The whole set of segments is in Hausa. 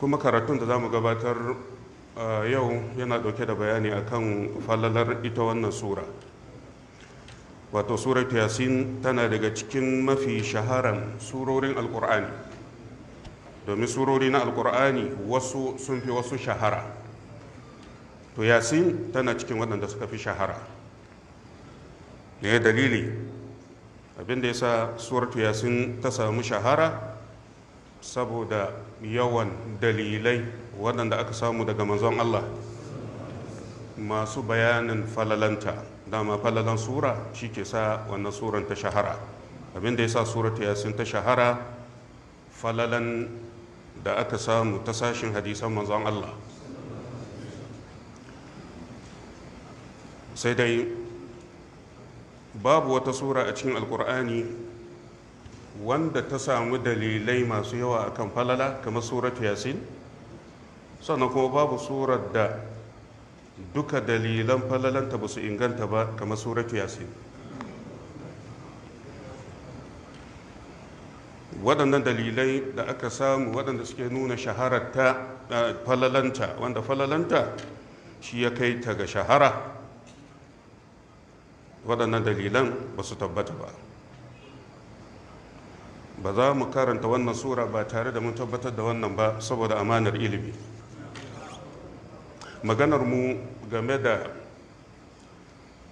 kuma karatun da za mu gabatar yau yana ɗauke da bayani akan falalar ita wannan sura wato suratu yasin tana daga cikin mafi shaharan surorin alkur'ani domin surori na alkur'ani wasu sun fi wasu shahara to yasin tana cikin waɗanda suka fi shahara ne dalili abinda ya sa suratu yasin ta samu shahara saboda yawan dalilai waɗanda aka samu daga manzon Allah masu bayanin falalanta dama falalan sura shi ke sa wannan suran ta shahara abinda ya sa surata yasin ta shahara falalan da aka samu ta sashin hadisan manzon Allah sai dai babu wata sura a cikin alkur'ani wanda ta samu dalilai masu yawa akan falala kamar suratu yasin sannan kuma babu surar da duka dalilan falalanta ba su inganta ba kamar suratu yasin waɗannan dalilai da aka samu waɗanda suke nuna shahararta falalanta wanda falalanta shi ya kai ta ga shahara waɗannan dalilan ba su tabbata ba ba za mu karanta wannan sura ba tare da mun tabbatar da wannan ba saboda amanar ilimi maganar mu game da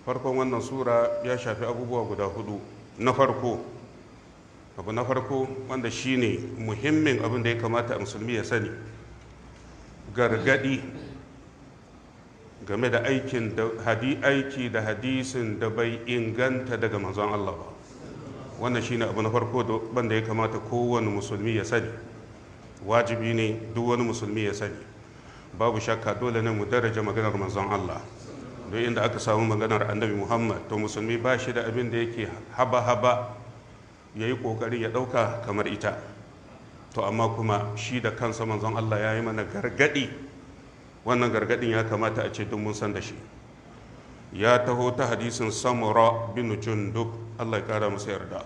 farkon wannan sura ya shafi abubuwa guda hudu na farko abu na farko wanda shine muhimmin abin da ya kamata a musulmi ya sani gargadi game da aiki da hadisin da bai inganta daga manzon Allah ba wannan shi ne abu na farko banda ya kamata kowane musulmi ya sani wajibi ne duk wani musulmi ya sani babu shakka dole ne mu daraja maganar manzon Allah don inda aka samu maganar annabi Muhammad to musulmi ba shi da abin da yake haba haba ya yi ƙoƙari ya ɗauka kamar ita to amma kuma shi da kansa manzon Allah ya yi mana gargadi. wannan gargadin ya kamata a ce duk mun san da shi ya taho ta hadisin samura bin jundub Allah ya kara musu yarda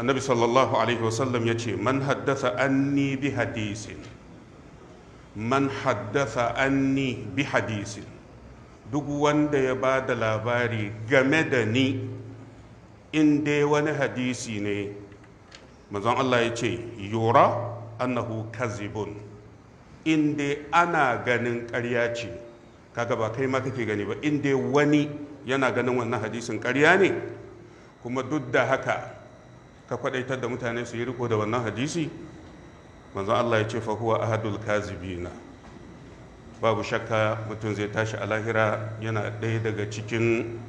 annabi sallallahu alaihi wasallam ya ce man haddasa anni bi hadisin man haddasa anni bi hadisin duk wanda ya ba da labari game da ni in dai wani hadisi ne manzon Allah ya ce yura annahu kazibun in dai ana ganin ƙarya ce kaga ba kai ma kake gani ba in dai wani yana ganin wannan hadisin ƙarya ne kuma duk da haka ka kwadaitar da mutane su yi riko da wannan hadisi manzon Allah ya ce fa huwa ahadul kazibina babu shakka mutum zai tashi a lahira yana ɗaya daga cikin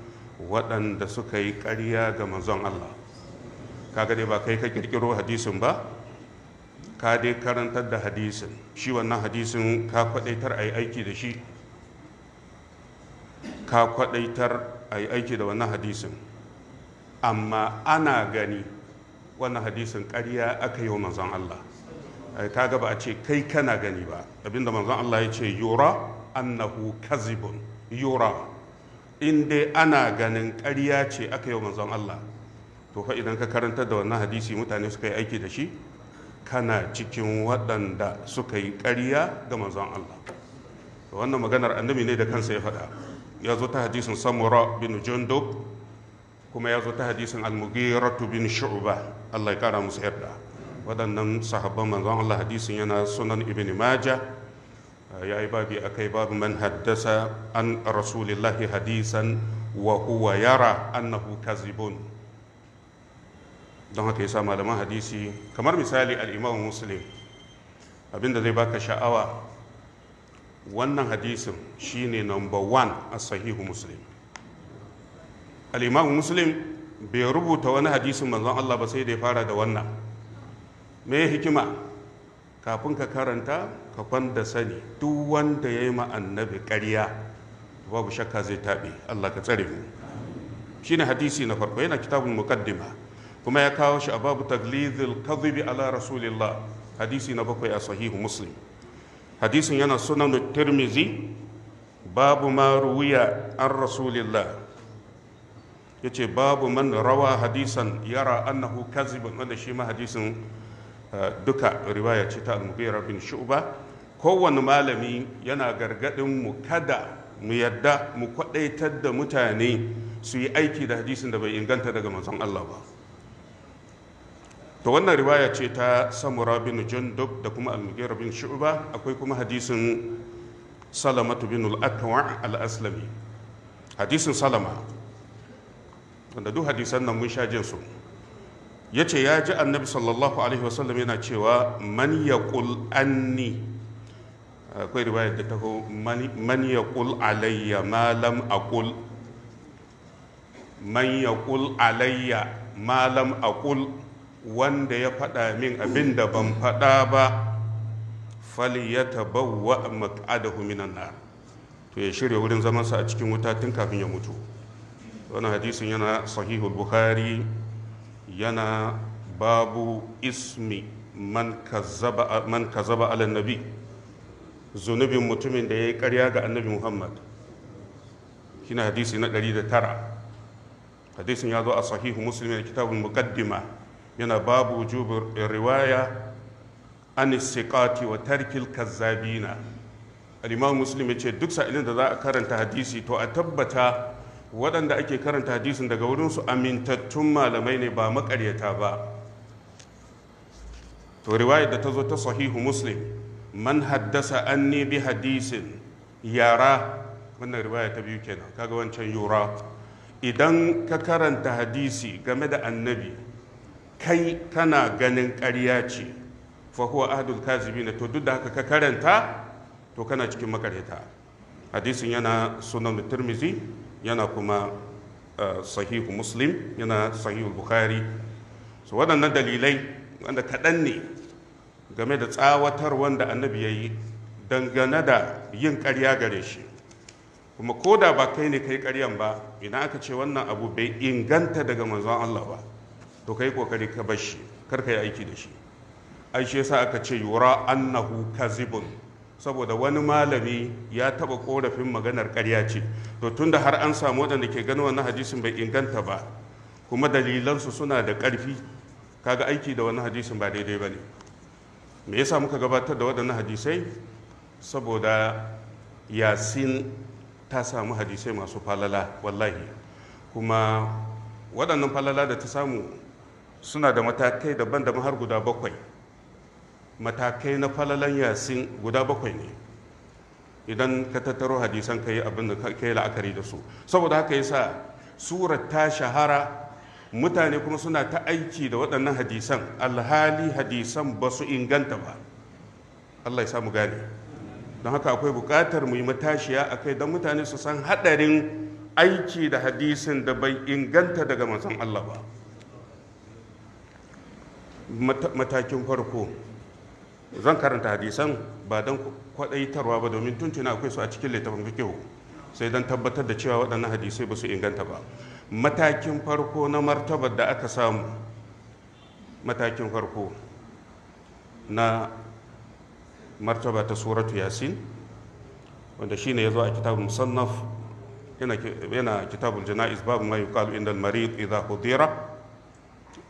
waɗanda suka yi ƙarya ga manzon Allah kaga dai ba kai ka kirkiro hadisin ba ka dai karantar da hadisin shi wannan hadisin ka kwadaitar a yi aiki da shi ka kwadaitar a yi aiki da wannan hadisin amma ana gani wannan hadisin ƙarya aka yi wa manzon Allah ka gaba a ce kai kana gani ba abinda manzon Allah ya ce yura annahu kazibun yura in dai ana ganin ƙarya ce aka yi wa manzon Allah to fa idan ka karanta da wannan hadisi mutane suka yi aiki da shi kana cikin waɗanda suka yi ƙarya ga manzon Allah wannan maganar annabi ne da kansa ya faɗa ya zo ta hadisin samura bin jundub kuma ya zo ta hadisin almugiratu bin shu'ba Allah ya kara musu yarda waɗannan sahabban manzon Allah hadisin yana sunan ibn maja ya yi babi kai babu man haddasa an rasulillahi hadisan wa huwa yara annahu kazibun don haka yasa malaman hadisi kamar misali al-imam muslim abinda zai baka sha'awa wannan hadisin shine number one a sahihu muslim al'imamu muslim bai rubuta wani hadisin manzon Allah ba sai da ya fara da wannan me hikima kafin ka karanta ka kwanda sani duk wanda ya yi annabi ƙarya babu shakka zai taɓe Allah ka tsare mu shine hadisi na farko yana kitabun muqaddima kuma ya kawo shi a babu taglizil kazubi ala rasulillah hadisi na bakwai a sahihu muslim hadisin yana sunan tirmizi babu ma ruwiya an rasulillah ya ce babu man rawa hadisan yara annahu kazibin wanda shi ma hadisin eh, duka riwaya ce ta al bin shu'ba kowane malami yana gargadin mu kada mu yadda mu kwadaitar da mutane su yi aiki da hadisin da bai inganta daga manzon Allah ba to wannan riwaya ce ta samura bin jundub da kuma al-mughira bin shu'ba akwai kuma hadisin salama bin al-aqwa al-aslami hadisin salama wanda duk hadisan nan mun sha jin su ce ya ji annabi sallallahu alaihi wasallam yana cewa man yaqul anni akwai riwaya da taho man yaqul alayya ma lam aqul man yaqul alayya ma lam aqul wanda ya faɗa min abin da ban faɗa ba fali ya tabawwa mak'adahu minan nar to ya shirya wurin zamansa a cikin wuta tun kafin ya mutu wannan hadisin yana sahihu bukhari yana babu ismi man kazzaba man kazzaba zunubin mutumin da yayi ƙarya ga annabi Muhammad kina hadisi na 109 hadisin ya zo a sahihu muslim da kitabul muqaddima yana babu wujubin riwaya an siqati wa tarkil kazzabina al-imam muslim yace duk sa'ilin da za a karanta hadisi to a tabbata waɗanda ake karanta hadisin daga su amintattun malamai ne ba makaryata ba to riwaya da ta zo ta sahihu muslim man haddasa anni bi hadisin yara wannan riwaya ta biyu kenan kaga wancan yura idan ka karanta hadisi game da annabi kai kana ganin ƙarya ce fahuwa ahadul kazibi na to duk da haka ka karanta to kana cikin makarita hadisin yana sunan turmizi yana kuma eh, sahihu muslim yana sahihu bukhari so waɗannan dalilai wanda kaɗan ne game da tsawatar wanda annabi ya yi dangane da yin ƙarya gare shi kuma ko da ba kai ne kai ƙaryan ba ina aka ce wannan abu bai inganta daga manzon Allah ba to kai kokari ka bar shi kar ka yi aiki da shi ai shi yasa aka ce yura annahu kazibun saboda wani malami ya taba korafin maganar ƙarya ce to tunda har an samu waɗanda ke ganin wannan hadisin bai inganta ba kuma dalilansu suna da ƙarfi kaga aiki da wannan hadisin ba daidai ba ne me yasa muka gabatar da waɗannan hadisai saboda yasin ta samu hadisai masu falala wallahi kuma waɗannan falala da ta samu suna da matakai daban-daban har guda bakwai matakai na falalan yasin guda bakwai ne idan ka tattaro hadisan ka yi abin da ka yi la'akari da su saboda haka yasa sura ta shahara mutane kuma suna ta aiki da waɗannan hadisan alhali hadisan ba su inganta ba allah ya samu gane don haka akwai buƙatar mu yi matashiya a kai don mutane su san haɗarin aiki da hadisin da bai inganta daga manzon allah ba matakin farko zan karanta hadisan ba don kwaɗaitarwa ba domin tuntuna akwai su a cikin littafin fikihu sai don tabbatar da cewa waɗannan hadisai ba su inganta ba matakin farko na martabar da aka samu matakin farko na martaba ta suratu yasin wanda shi ne ya zo a kitabun musannaf yana kitabun jana'iz babu mai yukalu inda marid idha hudira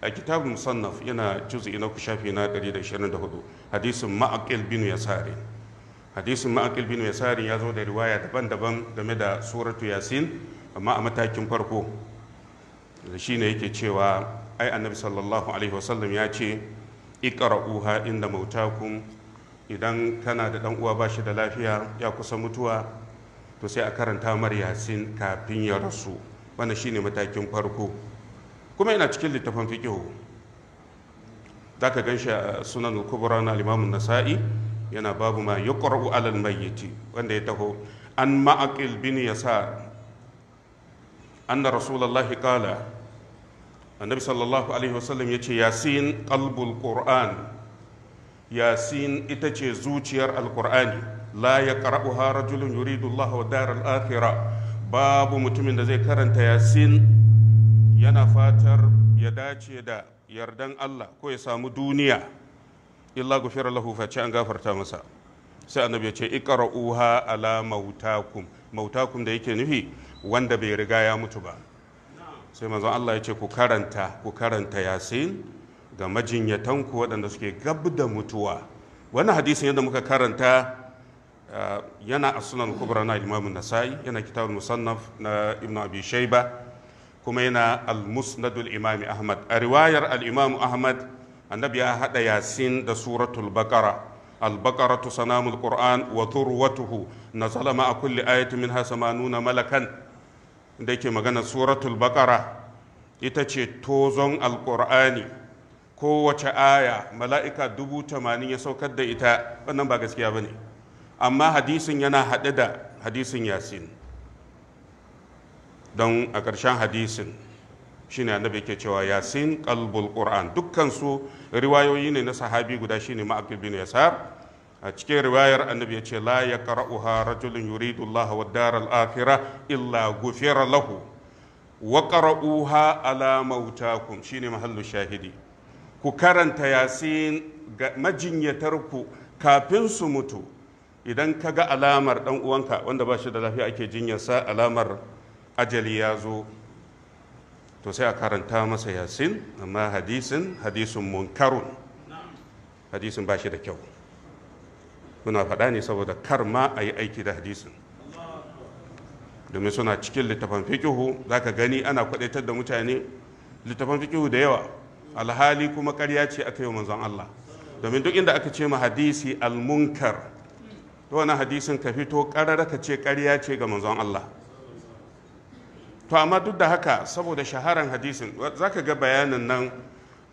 a kitabun musannaf yana juz'i na shafi na 124 hadisin ma'aqil bin yasari hadisin ma'aqil bin yasari ya zo da riwaya daban-daban game da suratu yasin amma a matakin farko Da shi ne yake cewa ai annabi sallallahu alaihi wasallam ya ce iqra'uha inda mautakum idan kana da dan uwa bashi da lafiya ya kusa mutuwa to sai a karanta mar yasin kafin ya rasu wannan shine matakin farko kuma yana cikin littafin fiƙihu za ka gan shi a sunan kubra na limamun nasa'i yana babu ma ya alal mayyiti wanda ya taho an ma'aƙil bin yasa an da rasulallah ƙala annabi sallallahu alaihi wasallam ya ce yasin ƙalbul ƙur'an yasin ita ce zuciyar alƙur'ani la ya ƙara'u ha rajulun yuridullah wa darar akhira babu mutumin da zai karanta yasin yana fatar ya dace da yardan Allah ko ya samu duniya illa gufira lahu face an gafarta masa sai annabi ya ce iqra'uha ala mautakum mautakum da yake nufi wanda bai riga ya mutu ba sai manzon Allah ya ce ku karanta ku karanta yasin ga majinyatan ku waɗanda suke gab da mutuwa wannan hadisin yadda muka karanta uh, yana a sunan kubra na imamun nasa'i yana kitabul musannaf na ibnu abi shayba kuma yana al-musnadul imami ahmad a riwayar al-imamu ahmad annabi ya hada yasin da suratul baqara al-baqaratu sanamul qur'an wa turwatuhu nazala ma kulli ayatin minha samanuna malakan da yake magana suratul baqara ita ce tozon al-qur'ani kowace aya mala'ika dubu tamanin ya saukar da ita wannan ba gaskiya bane amma hadisin yana haɗe da hadisin yasin don a ƙarshen hadisin shi ne annabi ke cewa yasin kalbul qur'an dukkan su riwayoyi ne na sahabi guda ne ma'aqil bin yasar a cikin riwayar annabi ya ce la ya qara'uha rajulun yuridu Allah wa daral akhirah illa ghufira lahu wa qara'uha ala mautakum shine mahallu shahidi ku karanta yasin ga majinyatar ku kafin su mutu idan ka ga alamar dan uwanka wanda ba shi da lafiya ake jinyarsa alamar ajali ya zo to sai a karanta masa yasin amma hadisin hadisin munkarun hadisin ba shi da kyau muna faɗa ne saboda kar ma a yi aiki da hadisin domin suna cikin littafan fikihu za ka gani ana kwadaitar da mutane littafan fikihu da yawa alhali kuma karya ce aka yi manzon Allah domin duk inda aka ce ma hadisi almunkar to wani hadisin ka fito ƙarar ka ce karya ce ga manzon Allah to amma duk da haka saboda shaharan hadisin za ka ga bayanin nan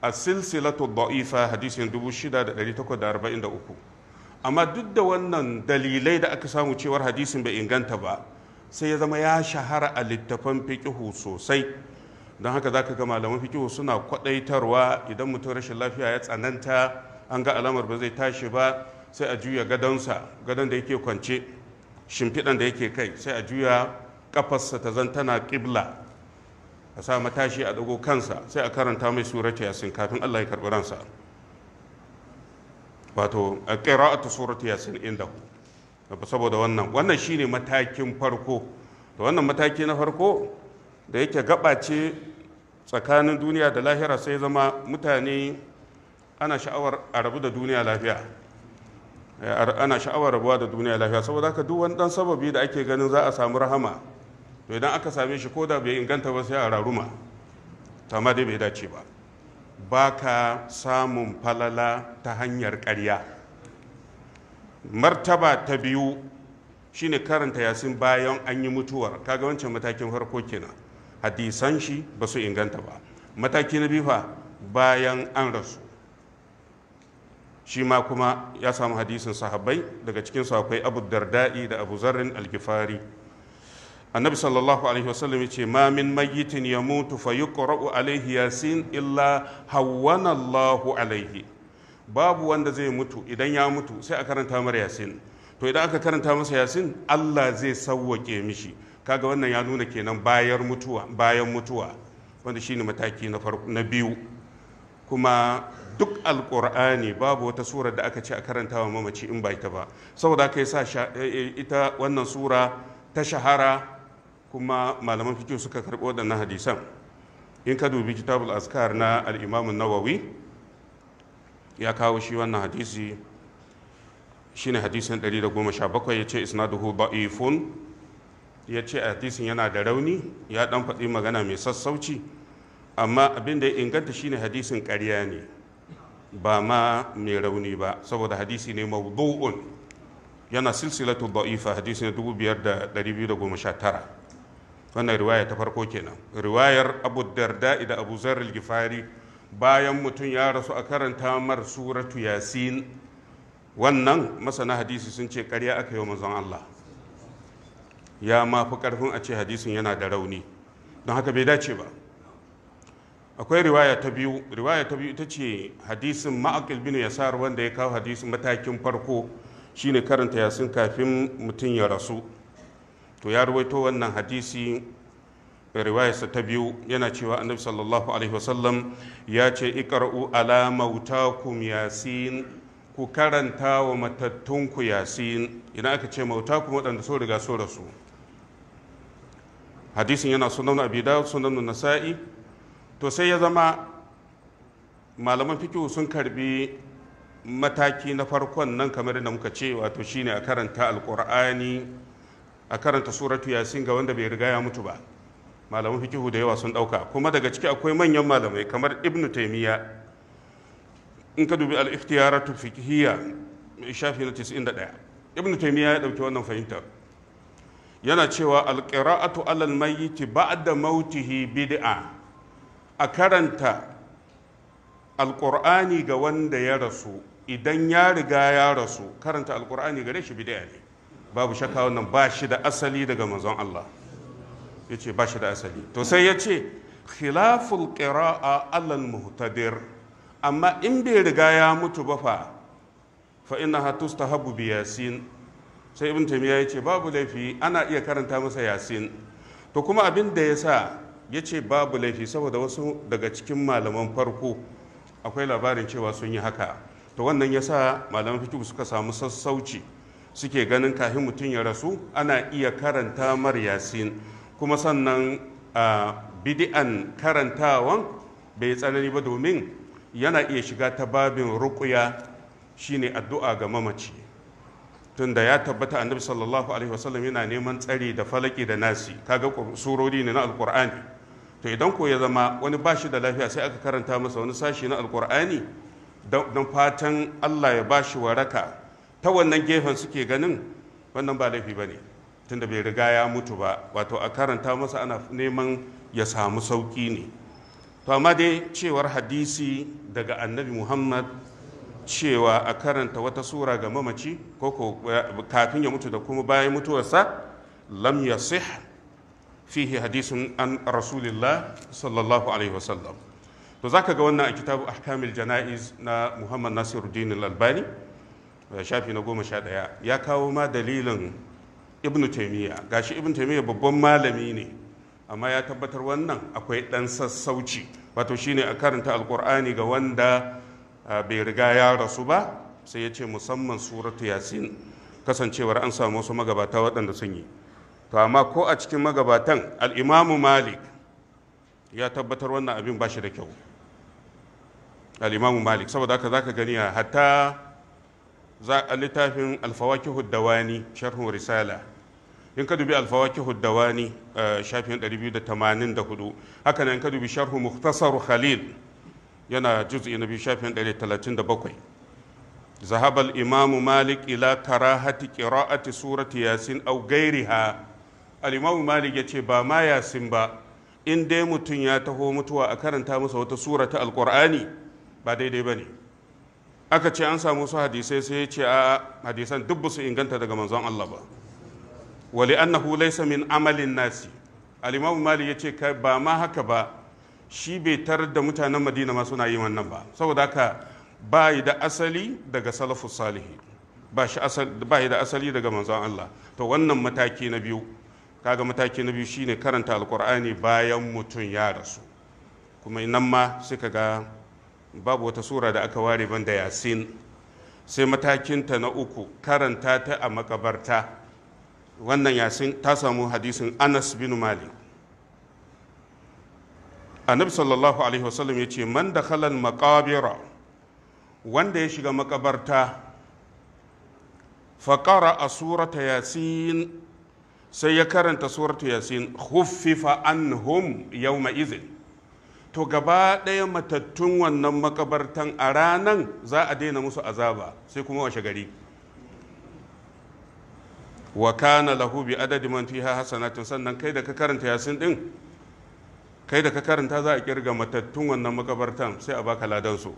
a silsilatu da'ifa hadisin 6843 amma duk da wannan dalilai da aka samu cewar hadisin bai inganta ba sai ya zama ya shahara a littafan fikihu sosai don haka za ka ga malaman fikihu suna kwaɗaitarwa idan mutum rashin lafiya ya tsananta an ga alamar ba zai tashi ba sai a juya gadonsa gadon da yake kwance shimfiɗan da yake kai sai a juya kafarsa ta zan tana ƙibla a sa matashi a dago kansa sai a karanta mai surata yasin kafin Allah ya karɓi ransa wato a ƙira'atu surata yasin inda saboda wannan wannan shine matakin farko da wannan mataki na farko da yake gaba ce tsakanin duniya da lahira sai zama mutane ana sha'awar a rabu da duniya lafiya eh, ana sha'awar rabuwa da duniya lafiya saboda haka duk wani dan sababi da ake ganin za a samu rahama to idan aka same shi ko da bai inganta ba sai a raruma to dai bai dace ba Baka samun falala ta hanyar ƙarya martaba ta biyu shine karanta yasin bayan an yi mutuwar kaga wancan matakin farko kenan hadisan shi ba su inganta ba mataki na bifa bayan an rasu shi ma kuma ya samu hadisin sahabbai daga cikinsu akwai abu darda'i da abu zarrin alkifari annabi sallallahu alaihi wasallam ya ce ma min mayyitin ya mutu fa yuqra'u alaihi yasin illa hawwana Allahu alaihi babu wanda zai mutu idan ya mutu sai a karanta mar yasin to idan aka karanta masa yasin Allah zai sawwake mishi kaga wannan ya nuna kenan bayan mutuwa bayan mutuwa wanda shine mataki na farko na biyu kuma duk alkur'ani babu wata sura da aka ce a karanta wa mamaci in ba ita ba saboda aka yi sa eh, eh, ita wannan sura ta shahara kuma malaman fiqh suka karɓo na hadisan in ka dubi kitabul azkar na al'imamun nawawi ya kawo shi wannan hadisi shine hadisin 117 yace isnaduhu ce a hadisin yana da rauni ya dan faɗi magana mai sassauci amma abin da ya inganta shine hadisin ƙarya ne ba ma mai rauni ba saboda hadisi ne mawdu'un yana silsilatu da'ifa hadisin 2219 wannan riwaya ta farko kenan riwayar abu darda da abu zarril gifari bayan mutum ya rasu a karanta mar suratu yasin wannan masana hadisi sun ce karya aka yi manzon Allah ya ma fi ƙarfin a ce hadisin yana da rauni don haka bai dace ba akwai riwaya ta biyu riwaya ta biyu ita ce hadisin ma'aqil bin yasar wanda ya kawo hadisin matakin farko shine karanta yasin kafin mutum ya rasu to ya ruwaito wannan hadisi riwayarsa ta biyu yana cewa annabi sallallahu alaihi wasallam ya ce iqra'u ala mautakum yasin ku karanta wa matattunku yasin idan aka ce mautakum waɗanda so riga so rasu hadisin yana sunan abi dawud sunan nasa'i to sai ya zama malaman fikihu sun karbi mataki na farkon nan kamar da muka ce wato shine a karanta alqur'ani a karanta suratu yasin ga wanda bai riga ya mutu ba malaman fikihu da yawa sun dauka kuma daga ciki akwai manyan malamai kamar ibn taymiya in ka dubi al-ikhtiyaratu fikhiya shafi na 91 ibn taymiya ya dauki wannan fahimtar yana cewa al-qira'atu alal mayyiti ba'da mautihi bid'a a karanta alqur'ani ga wanda ya rasu idan ya riga ya rasu karanta alqur'ani gare shi bid'a ne babu shakka wannan ba shi da asali daga manzon Allah ya ce ba shi da asali to sai ya ce khilaful qira'a alal muhtadir amma in bai riga ya mutu ba fa fa innaha tustahabu bi yasin sai ibn taymiya ya ce babu laifi ana iya karanta masa yasin to kuma abin da ya sa ya ce babu laifi saboda wasu daga cikin malaman farko akwai labarin cewa sun yi haka to wannan ya sa malaman fitubu suka samu sassauci suke ganin kafin mutum ya rasu ana iya karanta mar yasin kuma sannan bidi'an karantawan bai tsanani ba domin yana iya shiga ta babin rukuya shine addu'a ga mamaci tunda ya tabbata annabi sallallahu alaihi wasallam yana neman tsari da falaki da nasi kaga surori ne na alqur'ani to idan ko ya zama wani bashi da lafiya sai aka karanta masa wani sashi na alkur'ani don fatan allah ya bashi waraka ta wannan gefen suke ganin wannan ba laifi ba ne tunda bai riga ya mutu ba wato a karanta masa ana neman ya samu sauƙi ne to amma dai cewar hadisi daga annabi muhammad cewa a karanta wata sura ga mamaci ko eh, kafin ya mutu da kuma bayan mutuwarsa lam ya fihi hadisin an rasulillah sallallahu alaihi wasallam to zaka ga wannan a kitabu ahkamil jana'iz na muhammad nasiruddin al-albani shafi na goma sha ɗaya ya kawo ma dalilin ibn taimiyya shi ibn taimiyya babban malami ne amma ya tabbatar wannan akwai ɗan sassauci wato shine a karanta alkur'ani ga wanda bai riga ya rasu ba sai ya ce musamman suratu yasin kasancewar an samu wasu magabata waɗanda sun yi to amma ko a cikin magabatan al'imamu malik ya tabbatar wannan abin ba shi da kyau al'imamu malik saboda haka za ka gani hatta za a littafin Alfawaki dawani sharhun risala in ka dubi alfawakihu dawani eh, shafin 284 haka nan ka dubi sharhu muhtasar khalil yana juz'i na biyu shafin 137 ذهب الإمام مالك إلى كراهة قراءة سورة ياسين أو غيرها الإمام مالك يتي با ما ياسين با إن دي متن ياتهو متوى أكرن تامس وتسورة القرآن بعد دي بني aka ce an samu su hadisai sai ce a hadisan duk su inganta daga manzon Allah ba wali annahu laysa min amalin nasi al-imam mali yace kai ba ma haka ba shi bai tar da mutanen madina ma suna yi wannan ba saboda haka ba yi da asali daga salafus salihi ba shi ba yi da asali daga manzon Allah to wannan mataki na biyu kaga mataki na biyu shine karanta alqur'ani bayan mutum ya rasu kuma nan ma sai ga. babu wata sura da aka ware banda yasin sai matakinta na uku karanta ta a makabarta wannan yasin ta samu hadisin anas bin malik annabi sallallahu alaihi wasallam ya ce man da halal makabira wanda ya shiga makabarta faƙara a surata yasin sai ya karanta surata yasin huffifa anhum yawma izin to gaba ɗaya matattun wannan makabartan a ranan za a daina musu azaba sai kuma washe gari wa kana lahu bi adadi man fiha hasanatun sannan kai da ka karanta yasin din kai da ka karanta za a kirga matattun wannan makabartan sai a baka ladan su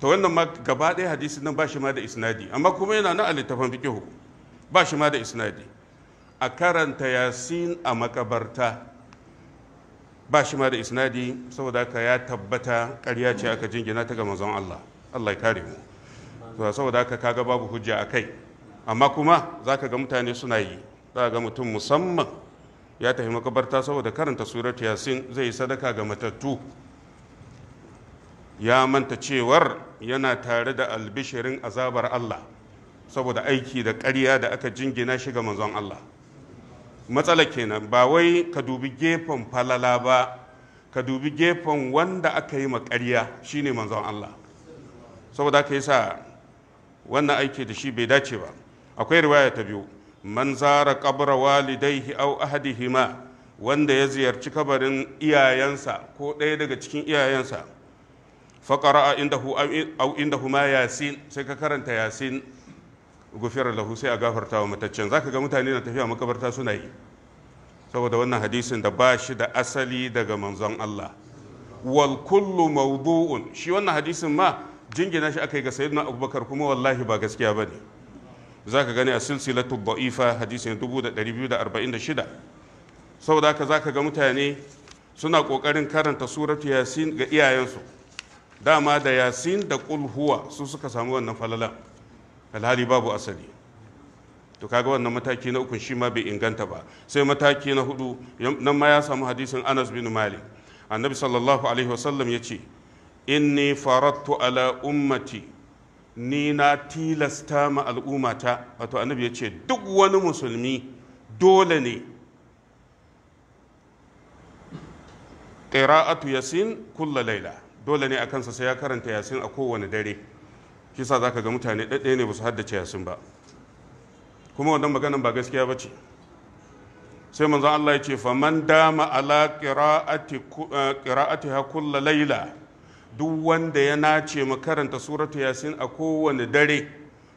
to wannan ma gaba ɗaya hadisi nan ba shi ma da isnadi amma kuma yana na a littafin fiqihu ba shi ma da isnadi a karanta yasin a makabarta ba shi ma da isnadi saboda haka ya tabbata ƙarya ce aka jingina ta ga manzon Allah Allah ya kare mu saboda haka kaga babu hujja a kai amma kuma za ka ga mutane suna yi za ga mutum musamman ya tafi makabarta saboda karanta surat yasin zai yi sadaka ga matattu ya manta cewar yana tare da albishirin azabar allah saboda aiki da ƙarya da aka jingina shi ga manzon allah matsala kenan ba wai ka dubi gefen falala ba ka dubi gefen wanda aka yi makarya shine manzon Allah saboda haka yasa wannan aiki da shi bai dace ba akwai riwaya ta biyu man zara qabra walidaihi aw ahadihima wanda ya ziyarci kabarin iyayensa ko ɗaya daga cikin iyayensa faqara indahu aw indahuma yasin sai ka karanta yasin gufiyar lahu sai a gafarta wa mataccen zaka ga mutane na tafiya makabarta suna yi saboda wannan hadisin da ba shi da asali daga manzon Allah wal kullu mawdu'un shi wannan hadisin ma jingina shi aka akai ga sayyidina Abubakar kuma wallahi ba gaskiya bane ka gani a silsilatu da'ifa hadisin 2246 saboda haka ka ga mutane suna kokarin karanta suratu yasin ga iyayensu dama da yasin da kulhuwa su suka samu wannan falalan alhali babu asali to kaga wannan mataki na uku shi ma bai inganta ba sai mataki na hudu nan ma ya samu hadisin anas bin malik annabi sallallahu alaihi wasallam ya ce inni faratu ala ummati ni na tilasta ma al'ummata wato annabi ya ce duk wani musulmi dole ne qira'atu yasin kulla laila dole ne a kansa sai ya karanta yasin a kowane dare kisa sa ka ga mutane ɗaɗɗaya ne ba su haddace yasin ba kuma wannan maganan ba gaskiya ba ce sai manzon Allah ya ce man dama ala eh, qira'atiha kulla laila duk wanda ya nace mu karanta suratu yasin a kowane dare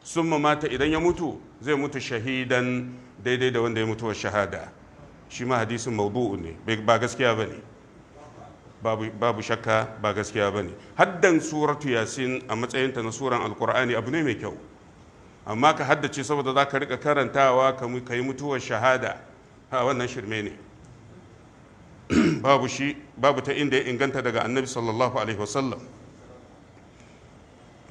sun mata idan ya mutu zai mutu shahidan daidai da wanda ya mutu wa shahada shi ma hadisin maudu'u ne ba gaskiya bane ne babu shakka ba gaskiya ba ne haddan suratu yasin a matsayinta na suran alkur'ani abu ne mai kyau amma ka haddace saboda za ka rika karantawa ka yi mutuwar shahada a wannan shirme ne babu shi babu ta inda ya inganta daga annabi sallallahu alaihi wasallam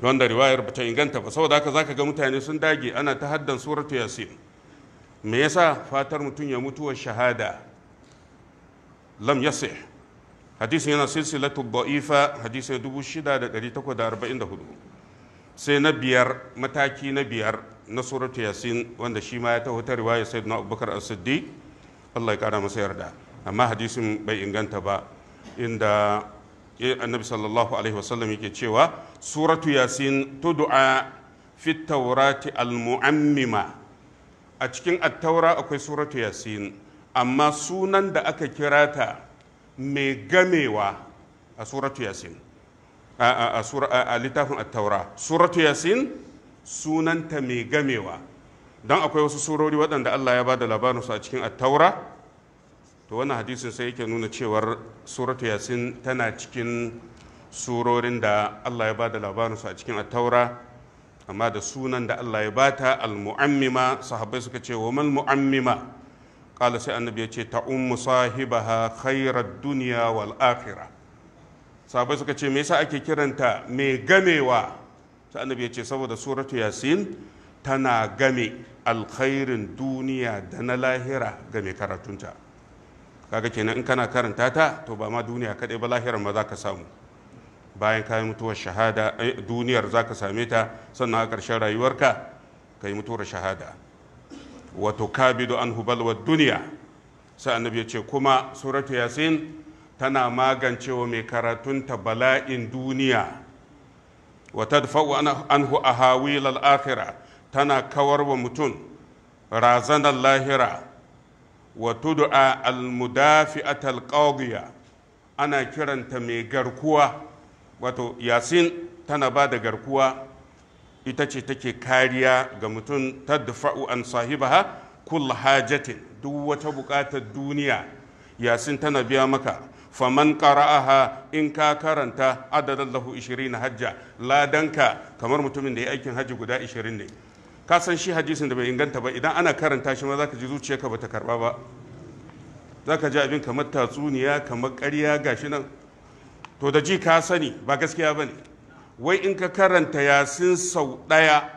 wanda riwayar ba ta inganta ba saboda haka zaka ga mutane sun dage ana ta haddan suratu yasin me yasa fatar mutum ya mutuwar shahada lam yasih hadisin yana silsilatu da'ifa hadisin 6844 sai na biyar mataki na biyar na suratu yasin wanda shi ma ya taho ta riwaya sayyidina abubakar as-siddiq Allah ya kara masa yarda amma hadisin bai inganta ba inda annabi sallallahu alaihi wasallam yake cewa suratu yasin tud'a fi taurati al-mu'ammima a cikin attaura akwai suratu yasin amma sunan da aka kira ta mai gamewa a suratu yasin a littafin attaura suratu yasin sunanta mai gamewa don akwai wasu surori waɗanda allah ya ba da labarinsu a cikin attaura to wannan hadisin sai yake nuna cewar suratu yasin tana cikin surorin da allah ya ba da labarinsu a cikin attaura amma da sunan da allah ya bata al-mu'ammima sahabbai suka ce wa mal mu'ammima kala sai annabi ya ce ta ummu sahibaha khairar duniya wal akhirah sabai suka ce me yasa ake kiranta mai gamewa sai annabi ya ce saboda suratu yasin tana game alkhairin duniya da na lahira ga mai karatunta kaga kenan in kana karanta ta to ba ma duniya kadai ba lahirar ma za ka samu bayan ka yi mutuwar shahada eh, duniyar za ka same ta sannan a ƙarshen rayuwarka ka yi mutuwar shahada wato kabidu an hubalwar duniya sai annabi ya ce kuma suratu yasin tana magancewa mai karatunta bala'in duniya wa an anhu a al-akhirah tana kawar wa mutum razanar lahira Wato tud'a al-mudafi'at ana kiranta mai garkuwa wato yasin tana ba da garkuwa ita ce take kariya ga mutum ta dafau an sahibaha kull hajjatin duk wata buƙatar duniya yasin tana biya maka faman ƙara'aha in ka karanta adadan lahu 20 hajja ladanka kamar mutumin da ya aikin hajji guda 20 ne ka san shi hadisin da bai inganta ba idan ana karanta shi ma za ka ji zuciyarka ta karba ba za ka ji abin kamar tatsuniya kamar ƙarya gashi nan to da ji ka sani ba gaskiya ba ne. wai in ka karanta yasin sau ɗaya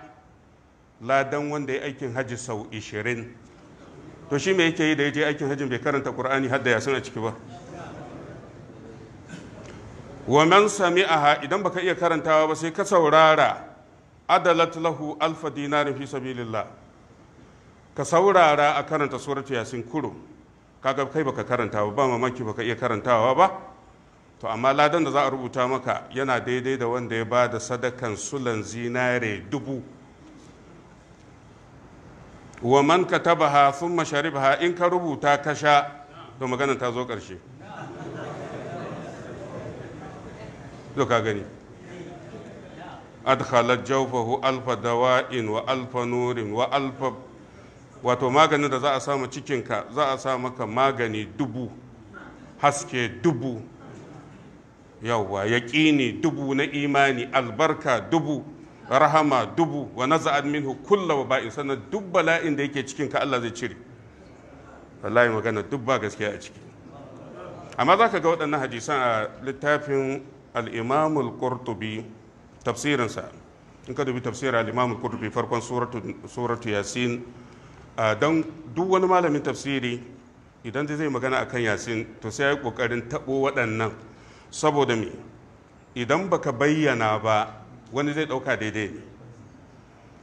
ladan wanda ya aikin hajji sau ishirin to shi me yake yi da ya je aikin hajji bai karanta ƙur'ani har da yasin a ciki ba wa man sami'aha idan baka iya karantawa ba sai ka saurara adalat lahu alfa dinarin fi sabilillah ka saurara a karanta suratu yasin kuro kaga kai baka karanta ba mamaki baka iya karantawa ba to amma ladan da za a rubuta maka yana daidai da wanda ya ba da sadakan sulan zinare dubu wa man ka taba hafin sun ha in ka rubuta ka sha to magana ta zo ƙarshe ka gani adkhalat jawfahu alfa dawa'in wa alfa nurin wa alfa wato maganin da za a samu cikinka za a sa maka magani dubu haske dubu yawwa ne dubu na imani albarka dubu rahama dubu wa naza'at minhu wa ba'in sannan duk bala'in da yake cikin ka Allah zai cire wallahi magana duk ba gaskiya a ciki amma za ka ga waɗannan hadisan a littafin al'imamul tafsirinsa. in ka dubi tafsirin al'imamul imam farkon suratu Yasin don duk wani malamin tafsiri idan zai magana akan Yasin to sai ya ƙoƙarin taɓo waɗannan saboda me idan baka bayyana ba wani zai ɗauka daidai ne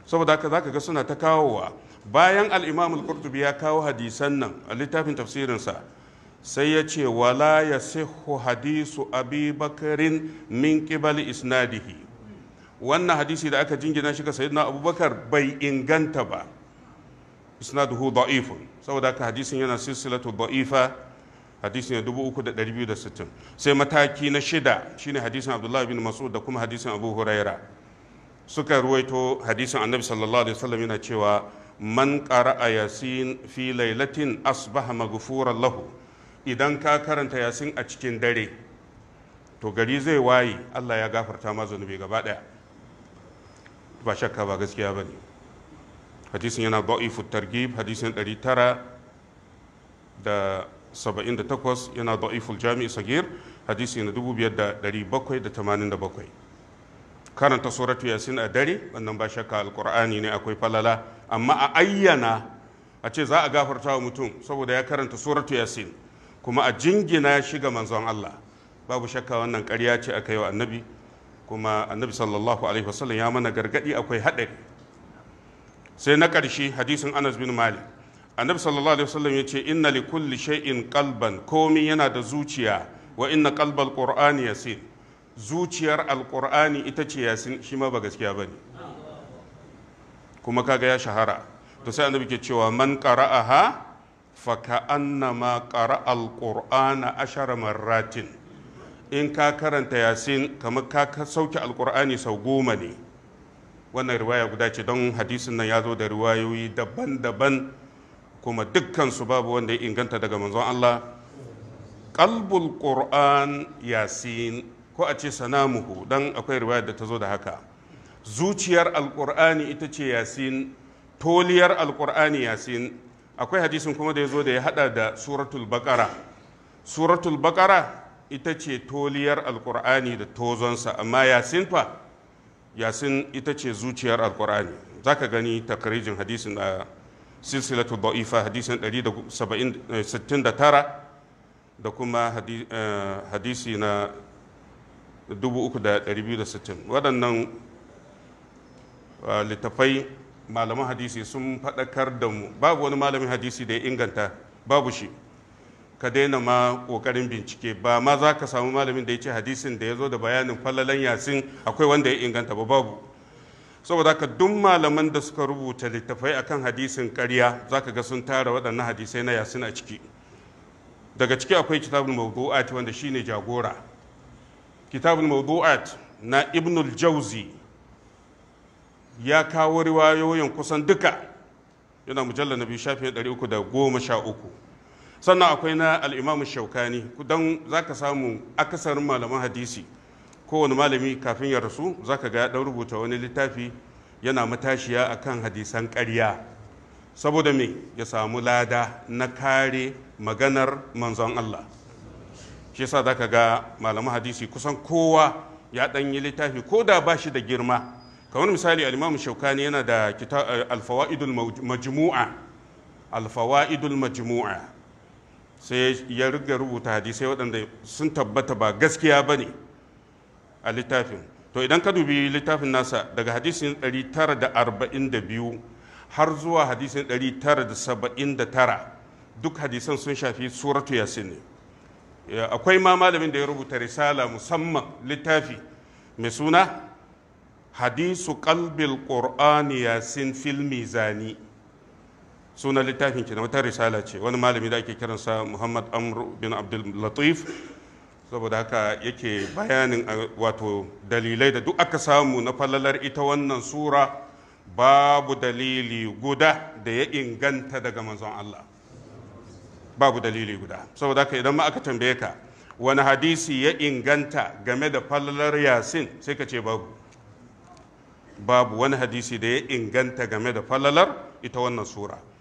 saboda haka zaka ga suna ta kawowa bayan al-imam al ya kawo hadisan nan a littafin tafsirinsa sai ya ce wala ya sihu hadisu abi bakarin min qibali isnadihi wannan hadisi da aka jingina shi ga sayyidina abubakar bai inganta ba isnaduhu da'ifun saboda haka hadisin yana silsilatu da'ifa hadisin ne 3260 sai mataki na shida shine hadisin abdullahi bin mas'ud da kuma hadisin abu huraira suka ruwaito hadisin annabi sallallahu alaihi wasallam yana cewa man qara'a yasin fi lailatin asbaha maghfuran lahu idan ka karanta yasin a cikin dare to gari zai waye Allah ya gafarta ma zunubi gaba daya ba shakka ba gaskiya ne hadisin yana da'ifu targhib hadisin 900 da 78 yana da'iful jami'i sagir hadisi na 5787 karanta suratu yasin a dare wannan ba shakka alkur'ani ne akwai falala amma a ayyana a ce za a gafarta wa mutum saboda ya karanta suratu yasin kuma a jingina ya shiga manzon Allah babu shakka wannan ƙarya ce aka yi wa annabi kuma annabi sallallahu alaihi wasallam ya mana gargadi akwai haɗari sai na ƙarshe hadisin Anas bin Malik annabi sallallahu alaihi wasallam yace inna li kulli shay'in qalban komi yana da zuciya wa inna qalbal qur'ani yasir zuciyar alqur'ani ita ce yasin shi ma ba gaskiya bane kuma kaga ya shahara to sai annabi ke cewa man qara'aha fa ka'annama qara'a alqur'ana ashara marratin in ka karanta yasin kamar ka sauke alqur'ani sau goma ne wannan riwaya guda ce don hadisin nan ya zo da riwayoyi daban-daban kuma dukkansu babu wanda ya inganta daga manzon Allah qalbul qur'an yasin ko a ce sanamuhu dan akwai riwayar da ta zo da haka zuciyar alqur'ani ita ce yasin toliyar alqur'ani yasin akwai hadisin kuma da ya zo da ya hada da suratul baqara suratul baqara ita ce toliyar alqur'ani da tozonsa amma yasin fa yasin ita ce zuciyar alqur'ani zaka gani takarijin hadisin a silsilatu da'ifa hadisin 169 eh, da kuma eh, hadisi na 3,260 waɗannan eh, littafai malaman hadisi sun faɗakar da mu babu wani malamin hadisi da ya inganta babu shi ka daina ma ƙoƙarin bincike ba ma za ka samu malamin da ya ce hadisin da ya zo da bayanin fallalan yasin akwai wanda ya inganta ba babu saboda haka duk malaman da suka rubuta littafai akan hadisin ƙarya ka ga sun tara waɗannan hadisai na yasin a ciki daga ciki akwai kitabul mawdu'at wanda shine jagora kitabul mawdu'at na ibnul jauzi ya kawo riwayoyin kusan duka yana mujallar na biyu shafi uku. sannan akwai na al'imamu shaukani don za ka samu akasarin malaman hadisi kowane malami kafin ya rasu za ka ga ya ɗan rubuta wani littafi yana matashiya a kan hadisan ƙarya saboda me ya samu lada na kare maganar manzon Allah shi sa za ka ga malaman hadisi kusan kowa ya ɗan yi littafi ko da ba shi da girma kamar misali alimamu shaukani yana da eh, alfawa'idul majmu'a alfawa'idul majmu'a sai ya riga rubuta hadisai waɗanda sun tabbata ba gaskiya ba ne a littafin to idan ka dubi littafin nasa daga hadisin 942 har zuwa hadisin 979 duk hadisan sun shafi suratu yasin ne akwai ma malamin da ya rubuta risala musamman littafi mai suna hadisu kalbil qur'ani yasin fil mizani sunan littafin kina wata risala ce wani malami da ake kiransa muhammad amr bin abdul latif saboda haka yake bayanin wato dalilai da duk aka samu na falalar ita wannan sura babu dalili guda da ya inganta daga manzon Allah babu dalili guda saboda haka idan ma aka tambaye ka wani hadisi ya inganta game da falalar yasin sai ka ce babu babu wani hadisi da ya inganta game da falalar ita wannan sura